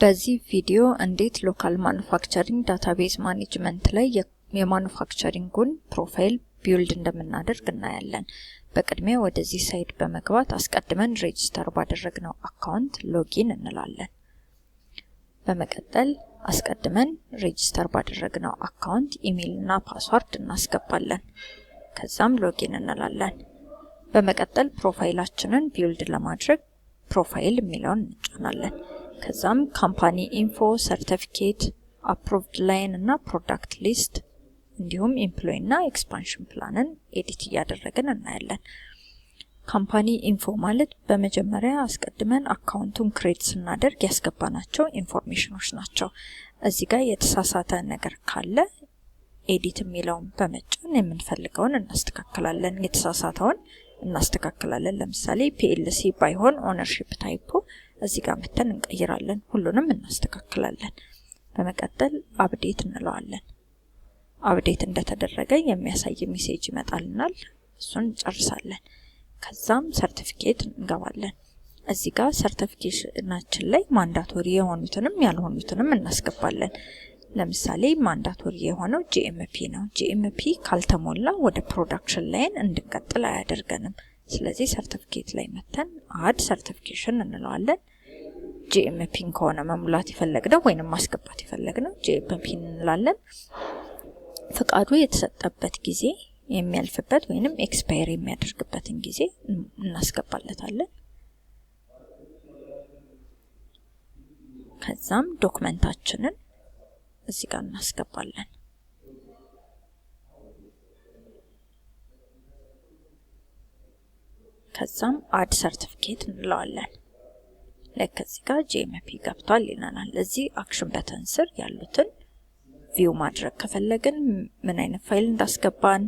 በዚህ ቪዲዮ እንዴት ሎካል ማኑፋክቸሪንግ ዳታቤዝ ማኔጅመንት ላይ የማኑፋክቸሪንጉን ፕሮፋይል ቢውልድ እንደምናደርግ እናያለን። በቅድሚያ ወደዚህ ሳይድ በመግባት አስቀድመን ሬጅስተር ባደረግነው አካውንት ሎጊን እንላለን። በመቀጠል አስቀድመን ሬጅስተር ባደረግነው አካውንት ኢሜይል እና ፓስዋርድ እናስገባለን። ከዛም ሎጊን እንላለን። በመቀጠል ፕሮፋይላችንን ቢውልድ ለማድረግ ፕሮፋይል የሚለውን እንጫናለን። ከዛም ካምፓኒ ኢንፎ፣ ሰርቲፊኬት፣ አፕሮቭድ ላይን እና ፕሮዳክት ሊስት እንዲሁም ኤምፕሎይ እና ኤክስፓንሽን ፕላንን ኤዲት እያደረግን እናያለን። ካምፓኒ ኢንፎ ማለት በመጀመሪያ አስቀድመን አካውንቱን ክሬት ስናደርግ ያስገባናቸው ኢንፎርሜሽኖች ናቸው። እዚህ ጋር የተሳሳተ ነገር ካለ ኤዲት የሚለውን በመጫን የምንፈልገውን እናስተካክላለን። የተሳሳተውን እናስተካክላለን። ለምሳሌ ፒኤልሲ ባይሆን ኦነርሺፕ ታይፑ እዚህ ጋር መተን እንቀይራለን። ሁሉንም እናስተካክላለን። በመቀጠል አብዴት እንለዋለን። አብዴት እንደተደረገ የሚያሳይ ሜሴጅ ይመጣልናል። እሱን እንጨርሳለን። ከዛም ሰርቲፊኬት እንገባለን። እዚህ ጋር ሰርቲፊኬሽናችን ላይ ማንዳቶሪ የሆኑትንም ያልሆኑትንም እናስገባለን። ለምሳሌ ማንዳቶሪ የሆነው ጂኤምፒ ነው። ጂኤምፒ ካልተሞላ ወደ ፕሮዳክሽን ላይን እንድንቀጥል አያደርገንም። ስለዚህ ሰርተፍኬት ላይ መተን አድ ሰርቲፊኬሽን እንለዋለን። ጂኤምፒን ከሆነ መሙላት የፈለግነው ወይንም ማስገባት የፈለግነው ጂኤምፒን እንላለን። ፍቃዱ የተሰጠበት ጊዜ የሚያልፍበት ወይንም ኤክስፓየር የሚያደርግበትን ጊዜ እናስገባለታለን። ከዛም ዶክመንታችንን እዚህ ጋር እናስገባለን። ከዛም አድ ሰርቲፊኬት እንለዋለን። ልክ እዚህ ጋር ጂኤምፒ ገብቷል ይለናል። እዚህ አክሽን በተን ስር ያሉትን ቪው ማድረግ ከፈለግን ምን አይነት ፋይል እንዳስገባን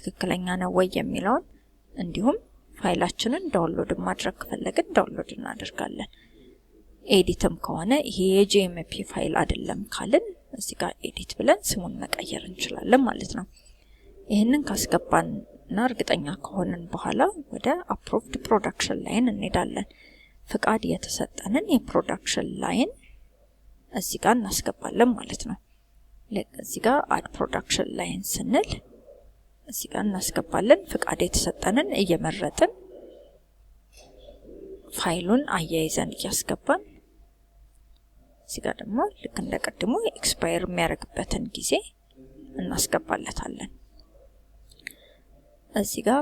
ትክክለኛ ነው ወይ የሚለውን እንዲሁም ፋይላችንን ዳውንሎድ ማድረግ ከፈለግን ዳውንሎድ እናደርጋለን። ኤዲትም ከሆነ ይሄ የጂኤምፒ ፋይል አይደለም ካልን እዚህ ጋር ኤዲት ብለን ስሙን መቀየር እንችላለን ማለት ነው። ይህንን ካስገባን እና እርግጠኛ ከሆንን በኋላ ወደ አፕሮቭድ ፕሮዳክሽን ላይን እንሄዳለን። ፍቃድ የተሰጠንን የፕሮዳክሽን ላይን እዚህ ጋር እናስገባለን ማለት ነው። እዚህ ጋር አድ ፕሮዳክሽን ላይን ስንል እዚህ ጋር እናስገባለን። ፍቃድ የተሰጠንን እየመረጥን ፋይሉን አያይዘን እያስገባን እዚህ ጋር ደግሞ ልክ እንደ ቀድሞ ኤክስፓየር የሚያደርግበትን ጊዜ እናስገባለታለን። እዚህ ጋር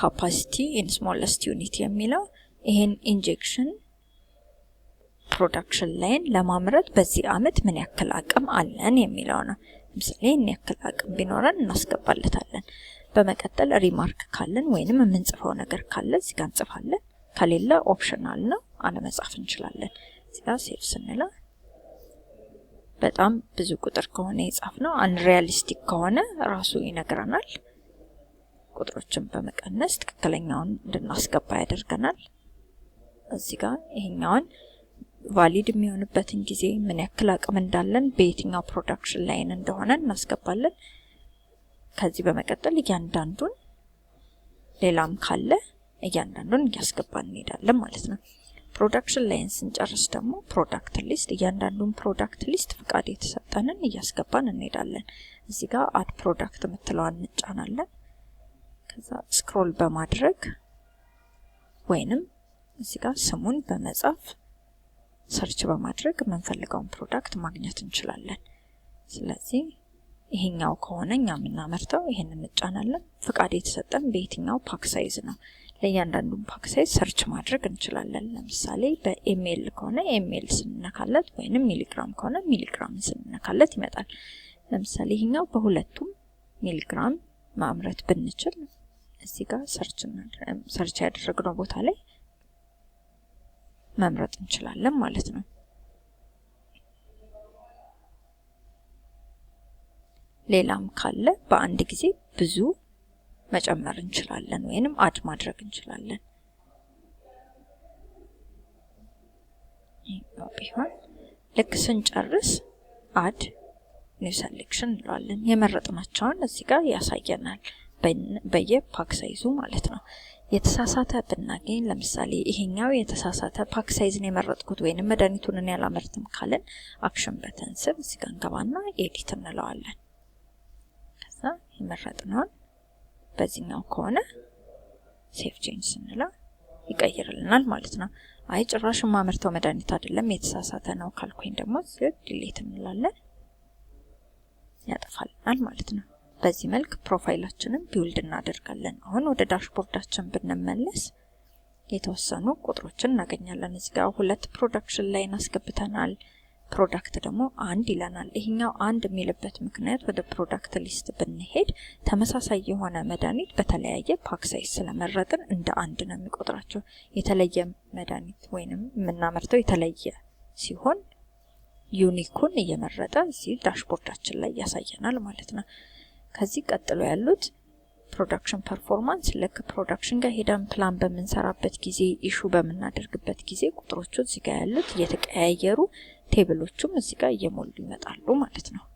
ካፓሲቲ ኢን ስሞለስት ዩኒት የሚለው ይሄን ኢንጀክሽን ፕሮዳክሽን ላይን ለማምረት በዚህ አመት ምን ያክል አቅም አለን የሚለው ነው። ለምሳሌ ይህን ያክል አቅም ቢኖረን እናስገባለታለን። በመቀጠል ሪማርክ ካለን ወይንም የምንጽፈው ነገር ካለ እዚህ ጋር እንጽፋለን። ከሌለ ኦፕሽናል ነው፣ አለመጻፍ እንችላለን። እዚህ ጋር ሴቭ ስንለው በጣም ብዙ ቁጥር ከሆነ የጻፍ ነው አንሪያሊስቲክ ከሆነ ራሱ ይነግረናል። ቁጥሮችን በመቀነስ ትክክለኛውን እንድናስገባ ያደርገናል። እዚህ ጋር ይሄኛውን ቫሊድ የሚሆንበትን ጊዜ ምን ያክል አቅም እንዳለን በየትኛው ፕሮዳክሽን ላይን እንደሆነ እናስገባለን። ከዚህ በመቀጠል እያንዳንዱን ሌላም ካለ እያንዳንዱን እያስገባን እንሄዳለን ማለት ነው። ፕሮዳክሽን ላይን ስንጨርስ ደግሞ ፕሮዳክት ሊስት እያንዳንዱን ፕሮዳክት ሊስት ፍቃድ የተሰጠንን እያስገባን እንሄዳለን። እዚህ ጋር አድ ፕሮዳክት የምትለዋን እንጫናለን። ከዛ ስክሮል በማድረግ ወይንም እዚህ ጋር ስሙን በመጻፍ ሰርች በማድረግ የምንፈልገውን ፕሮዳክት ማግኘት እንችላለን። ስለዚህ ይሄኛው ከሆነ እኛ የምናመርተው ይሄን እንጫናለን። ፍቃድ የተሰጠን በየትኛው ፓክ ሳይዝ ነው። ለእያንዳንዱ ፓክ ሳይዝ ሰርች ማድረግ እንችላለን። ለምሳሌ በኤምኤል ከሆነ ኤምኤል ስንነካለት ወይንም ሚሊግራም ከሆነ ሚሊግራም ስንነካለት ይመጣል። ለምሳሌ ይሄኛው በሁለቱም ሚሊግራም ማምረት ብንችል እዚህ ጋር ሰርች ያደረግነው ቦታ ላይ መምረጥ እንችላለን ማለት ነው። ሌላም ካለ በአንድ ጊዜ ብዙ መጨመር እንችላለን ወይንም አድ ማድረግ እንችላለን። ቢሆን ልክ ስንጨርስ አድ ኒው ሰሌክሽን እንለዋለን። የመረጥናቸውን እዚህ ጋር ያሳየናል። በየፓክሳይዙ ማለት ነው። የተሳሳተ ብናገኝ ለምሳሌ ይሄኛው የተሳሳተ ፓክ ሳይዝን የመረጥኩት ወይንም መድኃኒቱን ያላመርትም ካለን አክሽን በተን ስር እዚህ ጋ እንገባና ኤዲት እንለዋለን። ከዛ የመረጥነውን በዚህኛው ከሆነ ሴፍ ቼንጅ ስንለው ይቀይርልናል ማለት ነው። አይ ጭራሽ የማመርተው መድኃኒት አይደለም የተሳሳተ ነው ካልኩኝ ደግሞ ዲሌት እንላለን፣ ያጠፋልናል ማለት ነው። በዚህ መልክ ፕሮፋይላችንን ቢውልድ እናደርጋለን። አሁን ወደ ዳሽቦርዳችን ብንመለስ የተወሰኑ ቁጥሮችን እናገኛለን። እዚህ ጋር ሁለት ፕሮዳክሽን ላይ እናስገብተናል። ፕሮዳክት ደግሞ አንድ ይለናል። ይሄኛው አንድ የሚልበት ምክንያት ወደ ፕሮዳክት ሊስት ብንሄድ ተመሳሳይ የሆነ መድኃኒት በተለያየ ፓክ ሳይዝ ስለመረጥን እንደ አንድ ነው የሚቆጥራቸው። የተለየ መድኃኒት ወይንም የምናመርተው የተለየ ሲሆን ዩኒኩን እየመረጠ እዚህ ዳሽቦርዳችን ላይ ያሳየናል ማለት ነው። ከዚህ ቀጥሎ ያሉት ፕሮዳክሽን ፐርፎርማንስ ልክ ፕሮዳክሽን ጋር ሄደን ፕላን በምንሰራበት ጊዜ ኢሹ በምናደርግበት ጊዜ ቁጥሮቹ እዚጋ ያሉት እየተቀያየሩ ቴብሎቹም እዚጋ እየሞሉ ይመጣሉ ማለት ነው።